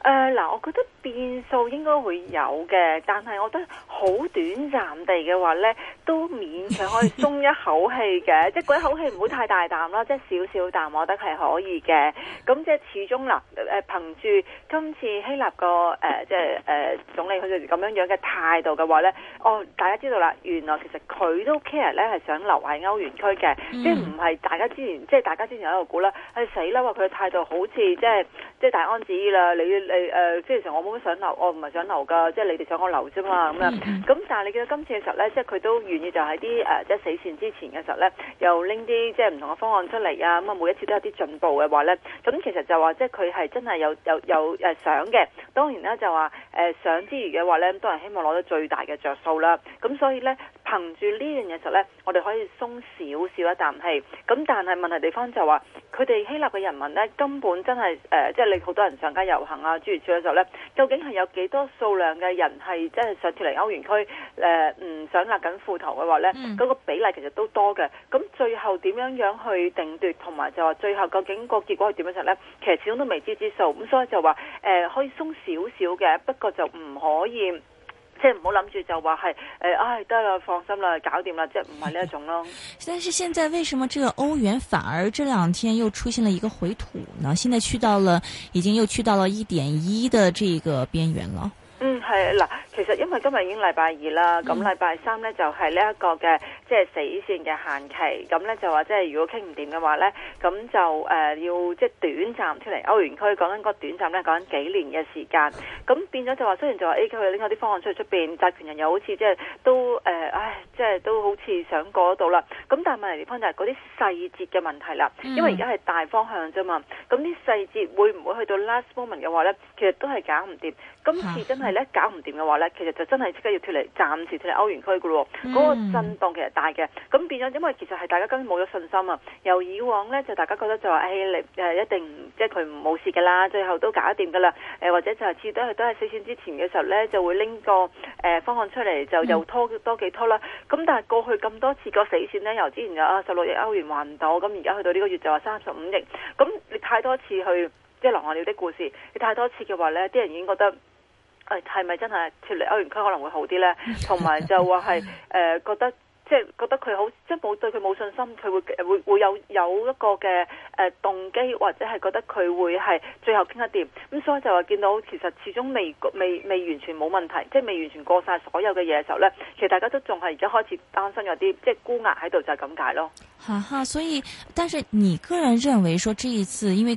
誒、呃，嗱，我覺得變數應該會有嘅，但係我覺得好短暫地嘅話咧，都勉強可以鬆一口氣嘅， 即係嗰口氣唔好太大啖啦，即係少少啖，我覺得係可以嘅。咁即係始終啦，誒、呃，憑、呃、住今次希臘個誒，即係誒、呃，總理佢哋咁樣樣嘅態度嘅話咧，哦，大家知道啦，原來其實佢都 care 咧，係想留喺歐元區嘅、嗯，即係唔係大家之前，即係大家之前喺度估啦，唉、哎、死啦，話佢嘅態度好似即係即係大安子啦，你。誒誒，即、呃、係其實我冇乜想留，我唔係想留㗎，即係你哋想我留啫嘛咁樣。咁但係你見到今次嘅時候咧，即係佢都願意就喺啲誒即係死線之前嘅時候咧，又拎啲即係唔同嘅方案出嚟啊！咁啊，每一次都有啲進步嘅話咧，咁其實就話即係佢係真係有有有誒想嘅。當然咧就話誒、呃、想之餘嘅話咧，都係希望攞到最大嘅着數啦。咁所以咧，憑住呢樣嘢實咧，我哋可以鬆少少一啖氣。咁但係問題地方就話，佢哋希臘嘅人民咧根本真係誒、呃，即係你好多人上街遊行啊！主要主要咧，究竟係有幾多數量嘅人係即係想脫離歐元區？誒、呃，唔想壓緊褲頭嘅話咧，嗰、嗯那個比例其實都多嘅。咁最後點樣樣去定奪，同埋就話最後究竟個結果係點樣實咧？其實始終都未知之數。咁所以就話誒、呃，可以鬆少少嘅，不過就唔可以。即係唔好諗住就話係誒，唉、哎哎哎、得啦，放心啦，搞掂啦，即係唔係呢一種咯。但是現在為什麼這個歐元反而這兩天又出現了一個回吐呢？現在去到了，已經又去到了一點一的這個邊緣了。係啦，其實因為今日已經禮拜二啦，咁禮拜三咧就係呢一個嘅即係死線嘅限期，咁咧就話即係如果傾唔掂嘅話咧，咁就誒要即係短暫出嚟歐元區講緊個短暫咧講緊幾年嘅時間，咁變咗就話雖然就話誒佢拎咗啲方案出去出邊，債權人又好似即係都誒、呃，唉即係、就係、都好似想過得到啦，咁但係問題地方就係嗰啲細節嘅問題啦，因為而家係大方向啫嘛，咁啲細節會唔會去到 last moment 嘅話咧，其實都係搞唔掂、啊，今次真係咧搞唔掂嘅話呢，其實就真係即刻要脫離，暫時脫離歐元區噶咯。嗰、那個震盪其實是大嘅，咁變咗，因為其實係大家根本冇咗信心啊。由以往呢，就大家覺得就話誒、哎，你一定即係佢冇事噶啦，最後都搞掂噶啦。誒，或者就至多係都係死線之前嘅時候呢，就會拎個誒、呃、方案出嚟，就又拖多幾拖啦。咁、嗯、但係過去咁多次、那個死線呢，由之前嘅啊十六億歐元還唔到，咁而家去到呢個月就話三十五億。咁你太多次去即係狼來了的故事，你太多次嘅話呢，啲人已經覺得。誒、哎，係咪真係脫離歐元區可能會好啲咧？同埋就話係誒，覺得即係覺得佢好，即係冇對佢冇信心，佢會會會有有一個嘅誒、呃、動機，或者係覺得佢會係最後傾得掂。咁所以就話見到其實始終未未未完全冇問題，即係未完全過晒所有嘅嘢嘅時候咧，其實大家都仲係而家開始擔心有啲即係沽壓喺度，就係咁解咯。哈哈，所以，但是你個人認為說這一次，因為。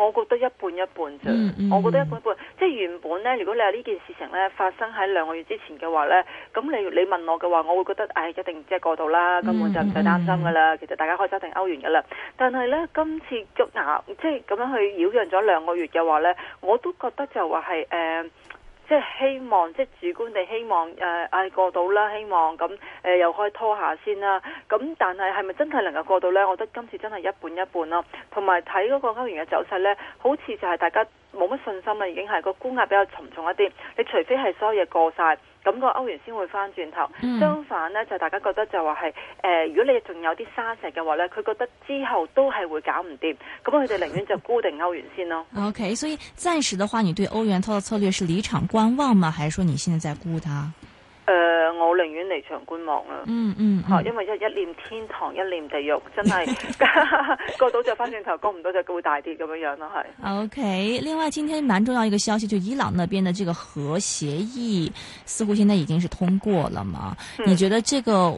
我覺得一半一半啫，我覺得一半一半，mm, mm, 一半一半 mm, 即係原本咧，如果你話呢件事情咧發生喺兩個月之前嘅話咧，咁你你問我嘅話，我會覺得，唉、哎，一定即係過度啦，根本就唔使擔心噶啦。Mm, mm, 其實大家可以睇定歐元噶啦。但係咧，今次捉拿、啊，即係咁樣去擾攘咗兩個月嘅話咧，我都覺得就話係誒。呃即係希望，即係主觀地希望，誒、呃，唉過到啦，希望咁，誒、嗯呃、又可以拖下先啦、啊。咁、嗯、但係係咪真係能夠過到呢？我覺得今次真係一半一半咯、啊。同埋睇嗰個歐元嘅走勢呢，好似就係大家冇乜信心啦、啊，已經係個沽壓比較沉重一啲。你除非係所有嘢過晒。咁、那個歐元先會翻轉頭，相、嗯、反呢，就大家覺得就話係誒，如果你仲有啲沙石嘅話呢，佢覺得之後都係會搞唔掂，咁佢哋寧願就沽定歐元先咯。OK，所以暫時的話，你對歐元套的策略是離場觀望嗎？還是說你現在在沽它？呃，我寧願離場觀望啦、啊。嗯嗯，好、嗯、因為一一念天堂，一念地獄，真係 過到就翻轉頭，過唔到就高大啲咁樣樣咯，係。OK，另外，今天蠻重要一個消息，就伊朗那邊的這個核協議似乎現在已經是通過了嘛？嗯、你覺得這個，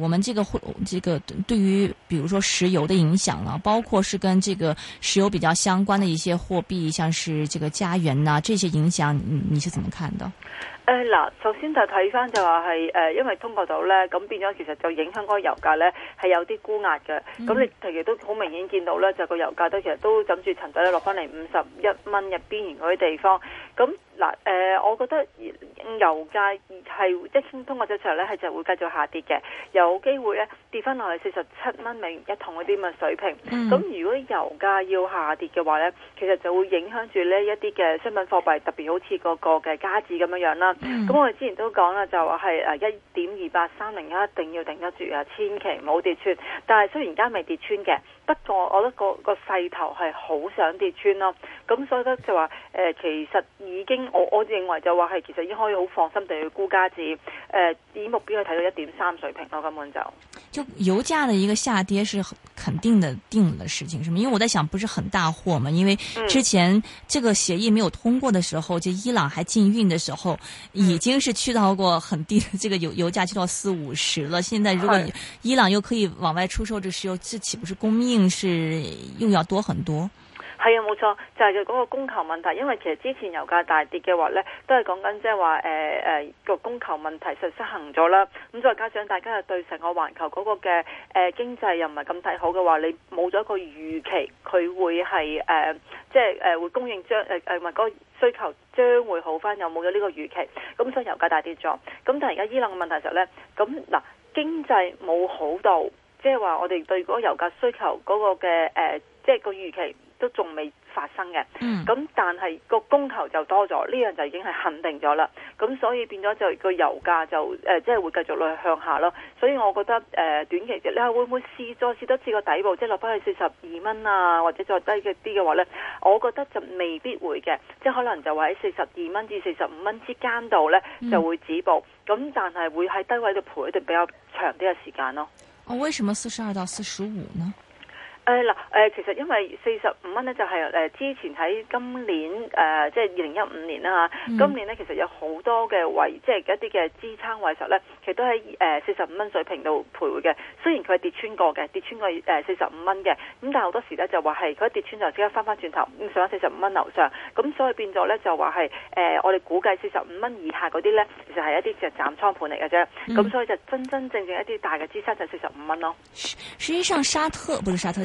我們這個貨，這個對於，比如說石油的影響啦、啊，包括是跟這個石油比較相關的一些貨幣，像是這個加元吶、啊，這些影響，你你是怎麼看的？誒，嗱，首先就睇翻就話係誒，因為通過到咧，咁變咗其實就影響嗰個油價咧，係有啲沽壓嘅。咁你其實都好明顯見到咧，就個油價都其實都枕住沉底咧落翻嚟五十一蚊入邊然嗰啲地方。咁嗱、呃，我覺得油價係一係通過咗之後咧，係就會繼續下跌嘅，有機會咧跌翻落去四十七蚊美元一桶嗰啲咁嘅水平。咁、嗯、如果油價要下跌嘅話咧，其實就會影響住呢一啲嘅商品貨幣，特別好似嗰個嘅加紙咁樣啦。咁、嗯、我哋之前都講啦，就係誒一點二八三零一定要頂得住啊，千祈唔好跌穿。但係雖然而家未跌穿嘅。不過我覺得個個勢頭係好想跌穿咯，咁所以咧就話、呃、其實已經我我認為就話係其實已經可以好放心地去估價值誒以目標去睇到一點三水平咯，根本就就油價的一個下跌是肯定的定的事情，是咪？因為我在想，不是很大貨嘛？因為之前這個協議沒有通過的時候，就伊朗還禁運的時候，嗯、已經是去到過很低，這個油、嗯、油價去到四五十了。現在如果伊朗又可以往外出售這石油，這豈不是供應？嗯嗯是又要多很多，係啊，冇錯，就係佢嗰個供求問題，因為其實之前油價大跌嘅話呢都係講緊即係話誒誒個供求問題實失衡咗啦。咁、嗯、再加上大家對、呃、又對成個環球嗰個嘅誒經濟又唔係咁睇好嘅話，你冇咗個預期，佢會係誒、呃、即係誒、呃、會供應將誒誒嗰個需求將會好翻，又冇咗呢個預期，咁、嗯、所以油價大跌咗。咁但係而家伊朗嘅問題就係呢，咁、嗯、嗱、啊、經濟冇好到。即係話我哋對嗰個油價需求嗰個嘅誒，即、呃、係、就是、個預期都仲未發生嘅。咁、mm. 但係個供求就多咗，呢樣就已經係肯定咗啦。咁所以變咗就個油價就誒，即、呃、係、就是、會繼續落去向下咯。所以我覺得誒、呃，短期你會唔會試再試多次個底部，即係落翻去四十二蚊啊，或者再低嘅啲嘅話呢，我覺得就未必會嘅。即係可能就會喺四十二蚊至四十五蚊之間度呢，就會止步。咁、mm. 但係會喺低位度陪一段比較長啲嘅時間咯。哦，為什麼四十二到四十五呢？誒嗱，誒其實因為四十五蚊呢，就係誒之前喺今年誒即係二零一五年啦嚇，今年、就是呃呃呃、呢，其實有好多嘅位即係一啲嘅支撐位嘅呢，其實都喺誒四十五蚊水平度徘徊嘅。雖然佢係跌穿過嘅，跌穿過誒四十五蚊嘅，咁但係好多時呢，就話係佢跌穿就即刻翻翻轉頭上翻四十五蚊樓上，咁所以變咗呢，就話係誒我哋估計四十五蚊以下嗰啲呢，其實係一啲嘅斬倉盤嚟嘅啫。咁、嗯、所以就真真正正一啲大嘅支撐就四十五蚊咯實。實際上沙特不是沙特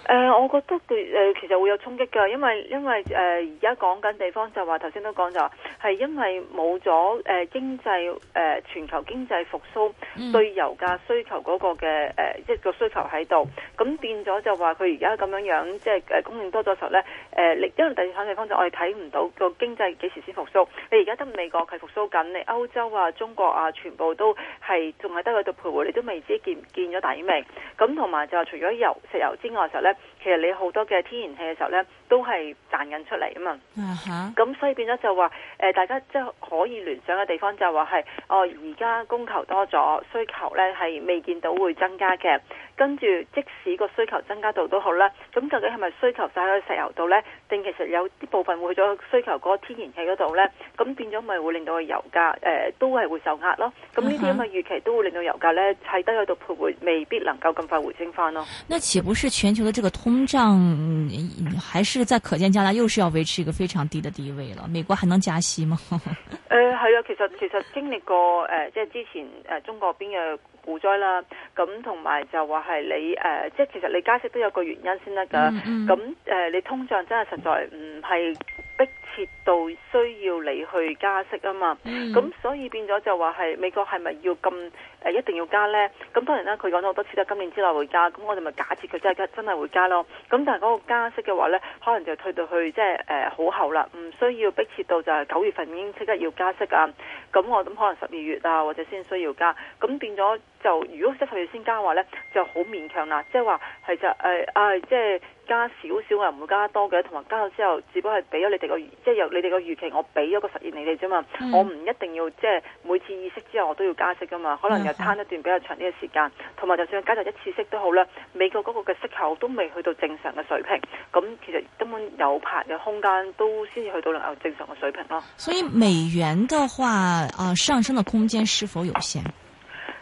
誒、呃，我覺得、呃、其實會有衝擊㗎，因為因為誒而家講緊地方就話頭先都講就係因為冇咗誒經濟誒、呃、全球經濟復甦對油價需求嗰個嘅誒一個需求喺度，咁變咗就話佢而家咁樣樣即係供應多咗時候咧、呃、因為第二個地方就我哋睇唔到個經濟幾時先復甦？你而家得美國係復甦緊，你歐洲啊、中國啊，全部都係仲係得喺度徘徊，你都未知見唔見咗底未？咁同埋就話，除咗油石油之外時候咧。其實你好多嘅天然氣嘅時候咧，都係賺緊出嚟啊嘛，咁、uh-huh. 所以變咗就話，誒，大家即係可以聯想嘅地方就話係，哦，而家供求多咗，需求咧係未見到會增加嘅。跟住，即使個需求增加到都好啦，咁究竟係咪需求晒喺石油度呢？定其實有啲部分會去咗需求嗰個天然氣嗰度呢？咁變咗咪會令到個油價誒、呃、都係會受壓咯。咁呢啲咁嘅預期都會令到油價呢，喺低嗰度徘徊，未必能夠咁快回升返咯。那豈不是全球嘅這個通脹，還是在可見將來又是要維持一個非常低的地位了？美國還能加息嗎？誒係啊，其實其實經歷過誒，即、呃、係之前誒、呃、中國邊嘅。股災啦，咁同埋就話係你誒、呃，即係其實你加息都有個原因先得㗎，咁、mm-hmm、誒，呃、你通脹真係實在唔係逼切到需要你去加息啊嘛，咁、mm -hmm. 所以變咗就話係美國係咪要咁誒一定要加呢？咁當然啦，佢講咗好多次啦，今年之內會加，咁我哋咪假設佢真係真係會加咯。咁但係嗰個加息嘅話呢，可能就退到去即係誒好後啦，唔、就是呃、需要迫切到就係、是、九月份已經即刻要加息啊。咁我諗可能十二月啊或者先需要加，咁變咗就如果十一月先加嘅話呢就好勉強啦。即係話係就誒、是呃、啊即係、就是、加少少啊，唔會加多嘅，同埋加咗之後只不過係俾咗你哋個。即係由你哋個預期，我俾咗一個實驗你哋啫嘛。我唔一定要即係每次議息之後我都要加息噶嘛。可能又攤一段比較長啲嘅時間，同埋就算加咗一次息都好啦。美國嗰個嘅息口都未去到正常嘅水平，咁其實根本有排嘅空間都先至去到能有正常嘅水平咯。所以美元嘅話，啊、呃、上升嘅空間是否有限？誒、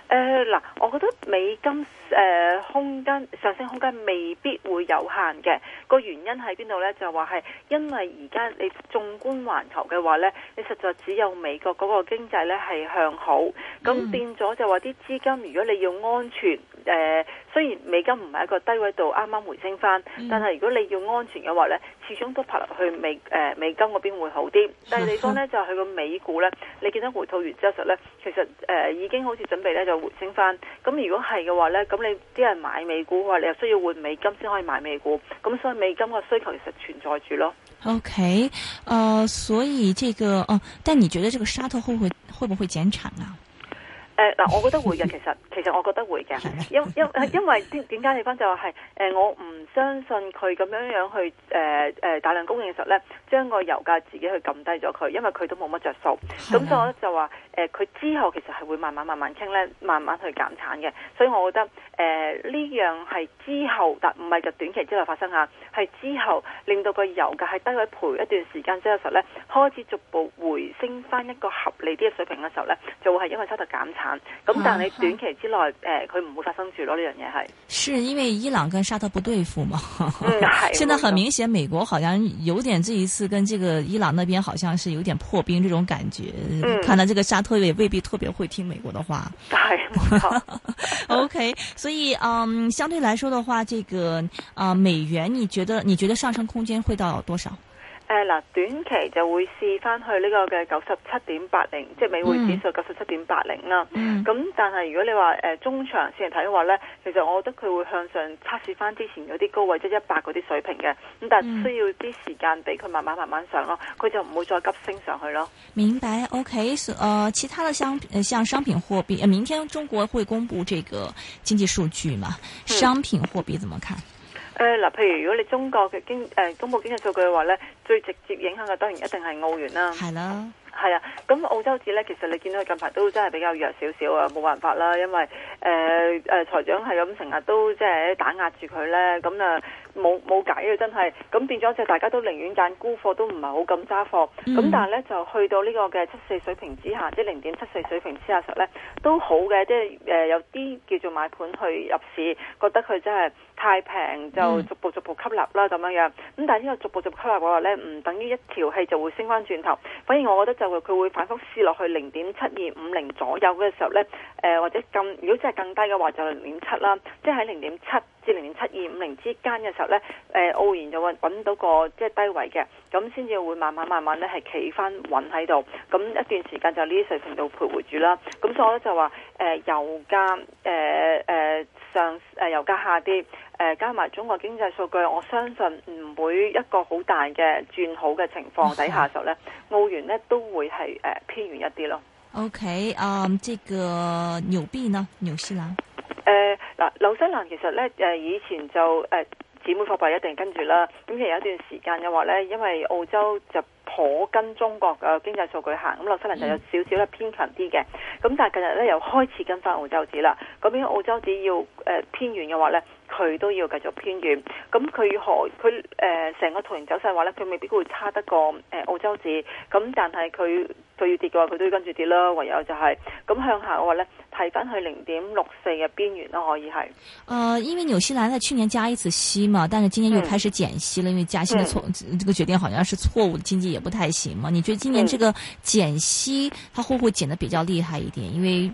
呃、嗱，我覺得美金。誒、呃、空間上升空間未必會有限嘅，個原因喺邊度呢？就話係因為而家你縱觀環球嘅話呢，你實在只有美國嗰個經濟呢係向好，咁變咗就話啲資金，如果你要安全誒、呃，雖然美金唔係一個低位度，啱啱回升翻，但係如果你要安全嘅話呢，始終都拍落去美、呃、美金嗰邊會好啲。第二地方呢，就係佢個美股呢，你見到回吐完之後時呢，其實、呃、已經好似準備呢就回升翻。咁如果係嘅話呢。咁咁你啲人買美股，嘅話你又需要換美金先可以買美股，咁所以美金嘅需求其實存在住咯。OK，誒，所以這個，哦，但你覺得這個沙特會不會會不會減產啊？誒 嗱、呃，我覺得會嘅，其實其實我覺得會嘅，因因因為點解嚟講就係、是、誒、呃、我唔相信佢咁樣樣去誒誒大量供應嘅時候咧，將個油價自己去撳低咗佢，因為佢都冇乜着數。咁、 嗯、所以我就話誒，佢、呃、之後其實係會慢慢慢慢傾咧，慢慢去減產嘅。所以我覺得誒呢、呃、樣係之後，但唔係就短期之內發生啊，係之後令到個油價係低位盤一段時間之後嘅時候咧，開始逐步回升翻一個合理啲嘅水平嘅時候咧，就會係因為沙特減產。咁、嗯、但係短期之內，佢唔會發生住咯呢樣嘢係，是因為伊朗跟沙特不對付嘛？嗯、現在很明顯，美國好像有點這一次跟這個伊朗那邊，好像是有點破冰這種感覺。嗯、看來這個沙特也未必特別會聽美國的話。嗯、 OK, 所以，嗯，相對來說的話，這個啊、呃，美元，你覺得你覺得上升空間會到多少？誒嗱，短期就會試翻去呢個嘅九十七點八零，即係美匯指數九十七點八零啦。咁但係如果你話誒中長線嚟睇嘅話咧、嗯，其實我覺得佢會向上測試翻之前嗰啲高位，即一百嗰啲水平嘅。咁但係需要啲時間俾佢慢慢慢慢上咯，佢就唔會再急升上去咯。明白，OK，誒、so，呃，其他的商誒，像商品貨幣，誒，明天中國會公布這個經濟數據嘛？商品貨幣怎麼看？嗯誒、呃、嗱，譬如如果你中國嘅經誒公佈經濟數據嘅話咧，最直接影響嘅當然一定係澳元啦、啊。係啦。係啊，咁澳洲紙咧，其實你見到佢近排都真係比較弱少少啊，冇辦法啦，因為誒誒、呃呃、財長係咁成日都即係打壓住佢咧，咁啊冇冇解啊，真係咁變咗即係大家都寧願揀沽貨，都唔係好咁揸貨。咁但係咧就去到呢個嘅七四水平之下，即係零點七四水平之下時候咧，都好嘅，即係誒有啲叫做買盤去入市，覺得佢真係太平就逐步逐步吸納啦咁樣樣。咁但係呢個逐步逐步吸納嘅話咧，唔等於一條氣就會升翻轉頭。反而我覺得就。佢佢會反覆試落去零點七二五零左右嘅時候呢，誒、呃、或者更如果真係更低嘅話就零點七啦，即係喺零點七至零點七二五零之間嘅時候呢，誒澳元就會揾到個即係低位嘅，咁先至會慢慢慢慢呢，係企返穩喺度，咁一段時間就呢啲水平度徘徊住啦，咁所以我呢就話誒、呃、油價誒誒。呃呃上誒油價下跌，誒、呃、加埋中國經濟數據，我相信唔會一個好大嘅轉好嘅情況底下就咧、哦，澳元咧都會係誒、呃、偏軟一啲咯。OK，啊，呢個紐幣呢？紐西蘭？誒、呃、嗱、呃，紐西蘭其實咧誒、呃、以前就誒姊、呃、妹貨幣一定跟住啦。咁而有一段時間嘅話咧，因為澳洲就。我跟中國嘅經濟數據行，咁紐西蘭就有少少偏近啲嘅，咁但係近日咧又開始跟翻澳洲紙啦，嗰邊澳洲紙要誒偏軟嘅話咧，佢都要繼續偏軟，咁佢何佢誒成個圖形走勢話咧，佢未必會差得過誒、呃、澳洲紙，咁但係佢佢要跌嘅話，佢都要跟住跌啦。唯有就係、是、咁向下嘅話咧，睇翻去零點六四嘅邊緣都可以係。誒、呃，因為紐西蘭咧去年加一次息嘛，但係今年又開始減息了、嗯，因為加息嘅錯，這個決定好像是錯誤，經濟也不太行嘛。你覺得今年這個減息、嗯，它會唔會減得比較厲害一點？因為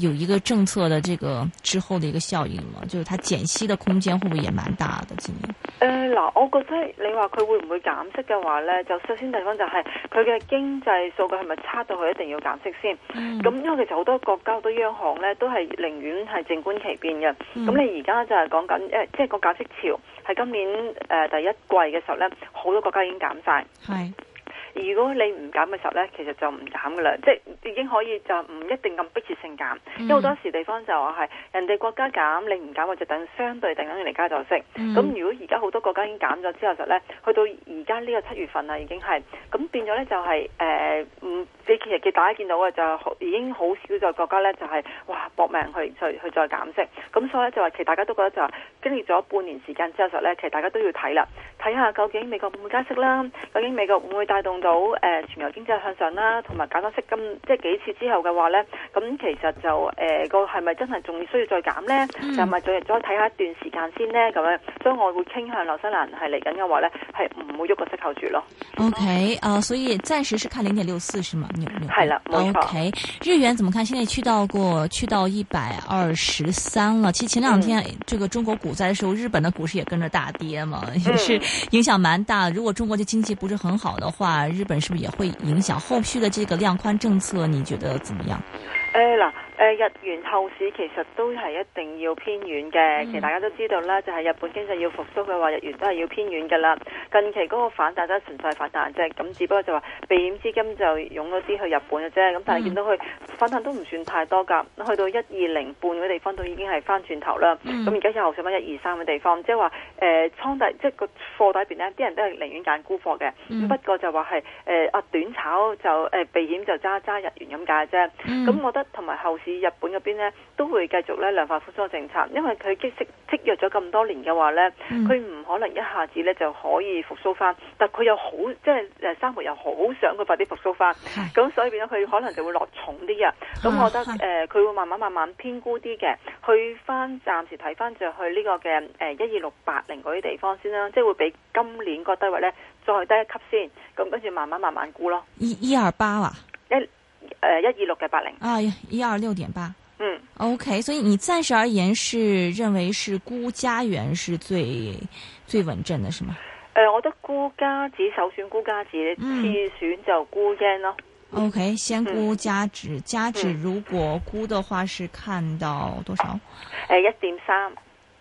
有一個政策的這個之後的一個效應嘛，就是它減息的空間會不會也蠻大的今年？誒，嗱，我覺得你話佢會唔會減息嘅話呢，就首先第一方就係佢嘅經濟數據係咪差到佢一定要減息先？咁、嗯、因為其實好多國家好多央行呢都係寧願係靜觀其變嘅。咁、嗯、你而家就係講緊誒，即、呃、係、就是、個減息潮係今年誒、呃、第一季嘅時候呢，好多國家已經減晒。係。如果你唔減嘅時候咧，其實就唔減噶啦，即係已經可以就唔一定咁迫切性減、嗯，因為好多時地方就話係人哋國家減，你唔減或就等相對定然間嚟加就息。咁、嗯、如果而家好多國家已經減咗之後，就咧去到而家呢個七月份啊，已經係咁變咗咧、就是，就係誒，嗯，你其實大家見到嘅就已經好少在國家咧、就是，就係哇搏命去再去，去再減息。咁所以咧就話其實大家都覺得就話經歷咗半年時間之後就咧，其實大家都要睇啦，睇下究竟美國會唔會加息啦？究竟美國會唔會帶動到？到誒全球經濟向上啦、啊，同埋減咗息金即係幾次之後嘅話咧，咁其實就誒個係咪真係仲需要再減咧、嗯？就咪、是、再再睇下一段時間先呢。咁樣，所以我會傾向紐西蘭係嚟緊嘅話咧，係唔會喐個息口住咯。O K，啊，所以暫時是看零點六四，是嘛？係啦，冇錯，O K，日元怎麼看？現在去到過去到一百二十三了。其實前兩天、嗯、這個中國股災嘅時候，日本嘅股市也跟着大跌嘛、嗯，也是影響蠻大。如果中國嘅經濟不是很好的話，日本是不是也會影響後續的這個量寬政策？你覺得怎麼樣？唉啦。誒日元後市其實都係一定要偏遠嘅、嗯，其實大家都知道啦，就係、係、日本經濟要復甦嘅話，日元都係要偏遠嘅啦。近期嗰個反彈都純粹係反彈啫，咁只不過就話避險資金就湧咗啲去日本嘅啫。咁但係見到佢反彈都唔算太多㗎，去到一二零半嘅地方都已經係翻轉頭啦。咁而家又上翻一二三嘅地方，即係話誒倉底，即係個貨底邊呢，啲人都係寧願揀沽貨嘅、嗯。不過就話係誒啊短炒就誒避險就揸揸日元咁解啫。咁、嗯、我覺得同埋後市。日本嗰邊呢都會繼續咧量化寬鬆政策，因為佢積息積弱咗咁多年嘅話呢，佢、嗯、唔可能一下子咧就可以復甦翻，但佢又好即係生活又好想佢快啲復甦翻，咁所以變咗佢可能就會落重啲啊。咁、啊、我覺得誒，佢、呃、會慢慢慢慢偏估啲嘅，去翻暫時睇翻就去呢個嘅誒一二六八零嗰啲地方先啦，即係會比今年個低位呢再低一級先，咁跟住慢慢慢慢估咯。一一二八啊！誒、呃，一二六嘅八零啊，一二六點八，嗯，OK，所以你暫時而言是認為是沽加元是最最穩陣的，是嗎？誒、呃，我覺得沽加紙首選沽加紙、嗯，次選就沽英咯。OK，先沽加紙、嗯，加紙如果沽的話是看到多少？誒、嗯，一點三，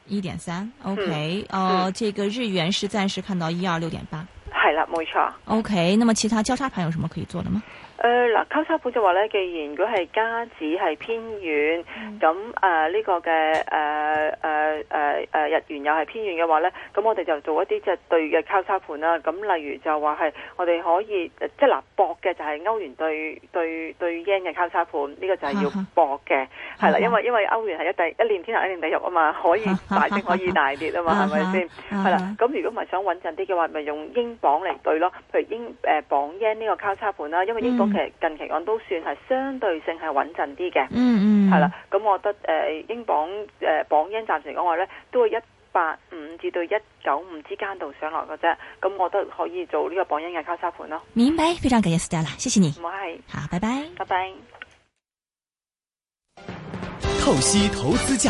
一點三，OK，哦、嗯呃嗯，這個日元是暫時看到一二六點八，係啦，冇錯。OK，那麼其他交叉盤有什麼可以做的嗎？誒、嗯、嗱，交叉盤就話咧，既然如果係加指係偏遠，咁誒呢個嘅誒誒誒誒日元又係偏遠嘅話咧，咁我哋就做一啲即係對嘅交叉盤啦。咁、嗯、例如、啊、就話係我哋可以，即係嗱，博嘅就係歐元對對對 yen 嘅交叉盤，呢個就係要搏嘅，係、啊、啦。因為因為歐元係一地一念天堂一念地獄啊嘛，可以大升可以大跌啊嘛，係咪先？係啦。咁如果唔係想穩陣啲嘅話，咪用英鎊嚟對咯。譬如英誒鎊 yen 呢個交叉盤啦、嗯，因為英鎊。其實近期講都算係相對性係穩陣啲嘅，係、嗯、啦。咁、嗯、我覺得誒，英鎊誒，鎊、呃、英暫時嚟講話咧,都會一八五至到一九五之間度上落嘅啫。咁我覺得可以做呢個鎊英嘅交叉盤咯。明白，非常感謝 Stella，謝謝你。我係好，拜拜，拜拜。透析投資價。